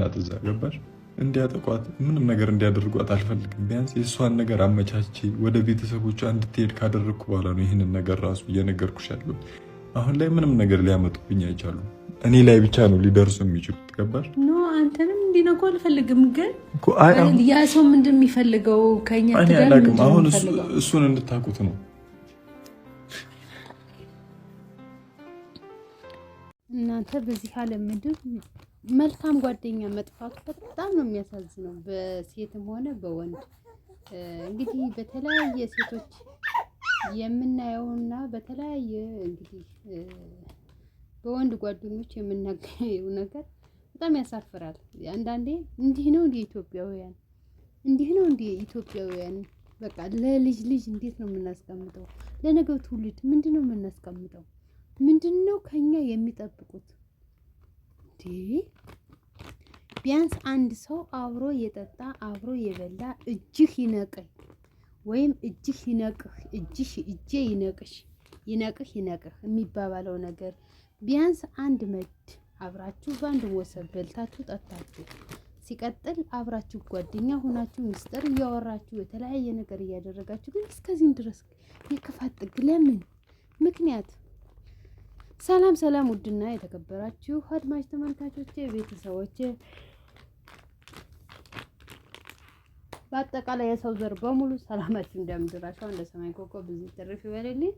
ናት እዛ ገባሽ? እንዲያጠቋት ምንም ነገር እንዲያደርጓት አልፈልግም። ቢያንስ የእሷን ነገር አመቻቼ ወደ ቤተሰቦቿ እንድትሄድ ካደረግኩ በኋላ ነው ይህንን ነገር ራሱ እየነገርኩሽ ያለው። አሁን ላይ ምንም ነገር ሊያመጡብኝ አይቻሉ እኔ ላይ ብቻ ነው ሊደርሱ የሚችሉት። ገባሽ? አንተንም እንዲነኩ አልፈልግም። ግን ያ ሰው ምንድን የሚፈልገው ከኛ አሁን እሱን እንድታቁት ነው። እናንተ በዚህ ዓለም መልካም ጓደኛ መጥፋቱ በጣም ነው የሚያሳዝነው፣ በሴትም ሆነ በወንድ እንግዲህ በተለያየ ሴቶች የምናየውና በተለያየ እንግዲህ በወንድ ጓደኞች የምናገኘው ነገር በጣም ያሳፍራል። አንዳንዴ እንዲህ ነው እንዲህ ኢትዮጵያውያን እንዲህ ነው እንዲህ ኢትዮጵያውያን በቃ ለልጅ ልጅ እንዴት ነው የምናስቀምጠው? ለነገው ትውልድ ምንድን ነው የምናስቀምጠው? ምንድን ነው ከኛ የሚጠብቁት? እንዴ ቢያንስ አንድ ሰው አብሮ የጠጣ አብሮ የበላ እጅህ ይነቅል ወይም እጅህ ይነቅህ እጅሽ እጄ ይነቅሽ ይነቅህ ይነቅህ የሚባባለው ነገር ቢያንስ አንድ መድ አብራችሁ በአንድ ወሰብ በልታችሁ ጠጣችሁ፣ ሲቀጥል አብራችሁ ጓደኛ ሆናችሁ ሚስጥር እያወራችሁ የተለያየ ነገር እያደረጋችሁ ግን እስከዚህም ድረስ የክፋት ጥግ ለምን ምክንያት ሰላም ሰላም፣ ውድና የተከበራችሁ አድማጭ ተመልካቾቼ፣ ቤተሰቦቼ በአጠቃላይ የሰው ዘር በሙሉ ሰላማችሁ እንደምድራችሁ እንደ ሰማይ ኮከብ ብዙ ትርፍ ይበልልኝ።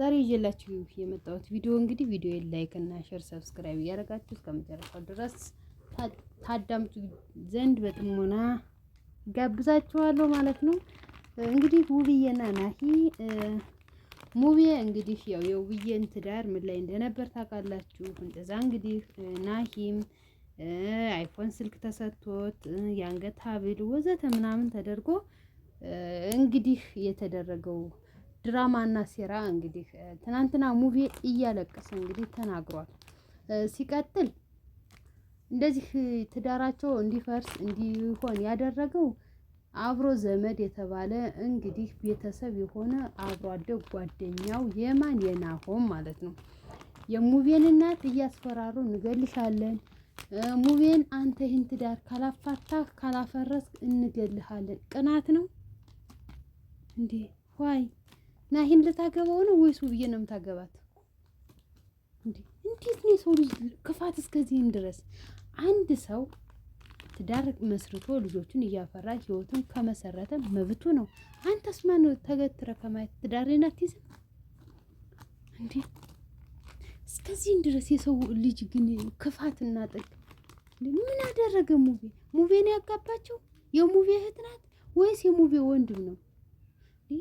ዛሬ ይዤላችሁ የመጣሁት ቪዲዮ እንግዲህ ቪዲዮ ላይክ እና ሼር፣ ሰብስክራይብ እያደረጋችሁ እስከመጨረሻው ድረስ ታዳምጡ ዘንድ በጥሞና ጋብዛችኋለሁ ማለት ነው። እንግዲህ ውብዬና ናሂ ሙቤ እንግዲህ ያው የውብዬን ትዳር ምን ላይ እንደነበር ታውቃላችሁ። እንደዛ እንግዲህ ናሂም አይፎን ስልክ ተሰጥቶት የአንገት ሀብል ወዘተ ምናምን ተደርጎ እንግዲህ የተደረገው ድራማና ሴራ እንግዲህ ትናንትና ሙቪ እያለቀሰ እንግዲህ ተናግሯል። ሲቀጥል እንደዚህ ትዳራቸው እንዲፈርስ እንዲሆን ያደረገው አብሮ ዘመድ የተባለ እንግዲህ ቤተሰብ የሆነ አብሮ አደግ ጓደኛው የማን የናሆም ማለት ነው። የሙቤን እናት እያስፈራሩ እንገልሻለን፣ ሙቤን አንተ ይህን ትዳር ካላፋታ ካላፈረስ እንገልሃለን። ቅናት ነው እንዴ? ዋይ ናሂን ልታገባው ነው ወይስ ውብዬ ነው የምታገባት? እንዴት ነው የሰው ልጅ ክፋት እስከዚህም ድረስ አንድ ሰው ትዳር መስርቶ ልጆቹን እያፈራ ህይወቱን ከመሰረተ መብቱ ነው። አንተስ ማን ተገትረ ከማየት ትዳርን አትይዝም እንዴ? እስከዚህን ድረስ የሰው ልጅ ግን ክፋትና ጥቅ ምን አደረገ? ሙቤ ሙቤ ነው ያጋባቸው? የሙቤ እህት ናት ወይስ የሙቤ ወንድም ነው?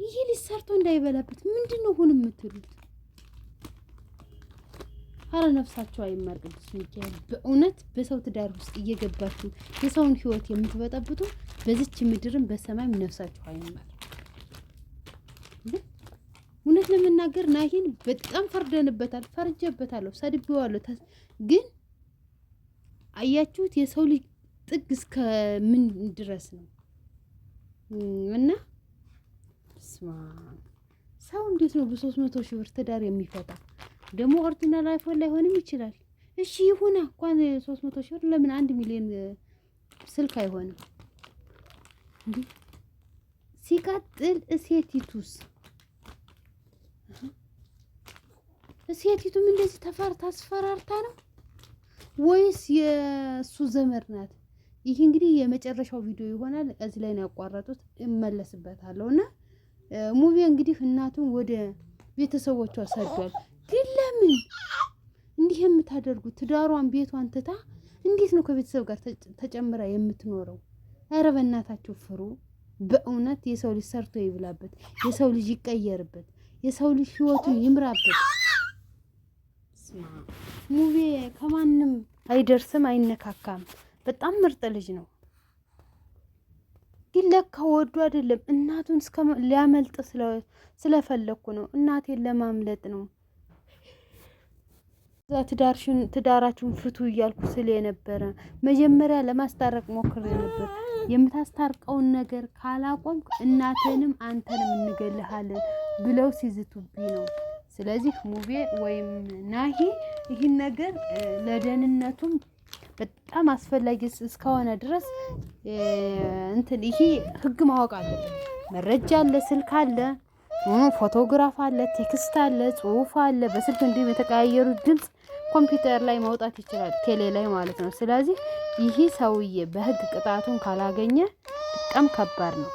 ይህ ልጅ ሰርቶ እንዳይበላበት ምንድን ነው ሁን የምትሉት? አረ ነፍሳቸው አይማር። ቅዱስ ሚካኤል በእውነት በሰው ትዳር ውስጥ እየገባችሁ የሰውን ህይወት የምትበጠብጡ በዚች ምድርም በሰማይም ነፍሳችሁ አይማር። እውነት ለመናገር ናሂን በጣም ፈርደንበታል፣ ፈርጀበታለሁ፣ ሰድቤዋለሁ። ግን አያችሁት የሰው ልጅ ጥግ እስከ ምን ድረስ ነው? እና ስማ ሰው እንዴት ነው በሶስት መቶ ሺህ ብር ትዳር የሚፈታ? ደግሞ ኦሪጂናል አይፎን ላይሆንም ይችላል። እሺ ይሁን፣ እንኳን ሶስት መቶ ሺህ ብር ለምን አንድ ሚሊዮን ስልክ አይሆንም ሲቀጥል እሴቲቱስ እሴቲቱም እንደዚህ ተፈርታ አስፈራርታ ነው ወይስ የእሱ ዘመድ ናት? ይህ እንግዲህ የመጨረሻው ቪዲዮ ይሆናል። እዚህ ላይ ነው ያቋረጡት። እመለስበታለሁ እና ሙቪ እንግዲህ እናቱን ወደ ቤተሰቦቿ ሰዷል። ለምን እንዲህ የምታደርጉት? ትዳሯን ቤቷን ትታ እንዴት ነው ከቤተሰብ ጋር ተጨምራ የምትኖረው? ኧረ በእናታችሁ ፍሩ። በእውነት የሰው ልጅ ሰርቶ ይብላበት፣ የሰው ልጅ ይቀየርበት፣ የሰው ልጅ ህይወቱን ይምራበት። ሙቤ ከማንም አይደርስም አይነካካም። በጣም ምርጥ ልጅ ነው። ግን ለካ ወዱ አይደለም። እናቱን ሊያመልጥ ስለፈለግኩ ነው። እናቴን ለማምለጥ ነው እዛ ትዳራችሁን ፍቱ እያልኩ ስል የነበረ መጀመሪያ ለማስታረቅ ሞክሬ ነበር። የምታስታርቀውን ነገር ካላቆም እናትንም አንተንም እንገልሃለን ብለው ሲዝቱብኝ ነው። ስለዚህ ሙቤ ወይም ናሂ ይህን ነገር ለደህንነቱም በጣም አስፈላጊ እስከሆነ ድረስ እንትን ይሄ ህግ ማወቅ አለበት። መረጃ አለ፣ ስልክ አለ፣ ፎቶግራፍ አለ፣ ቴክስት አለ፣ ጽሁፍ አለ፣ በስልክ እንዲሁም የተቀያየሩት ድምፅ ኮምፒውተር ላይ መውጣት ይችላል፣ ቴሌ ላይ ማለት ነው። ስለዚህ ይህ ሰውዬ በህግ ቅጣቱን ካላገኘ በጣም ከባድ ነው።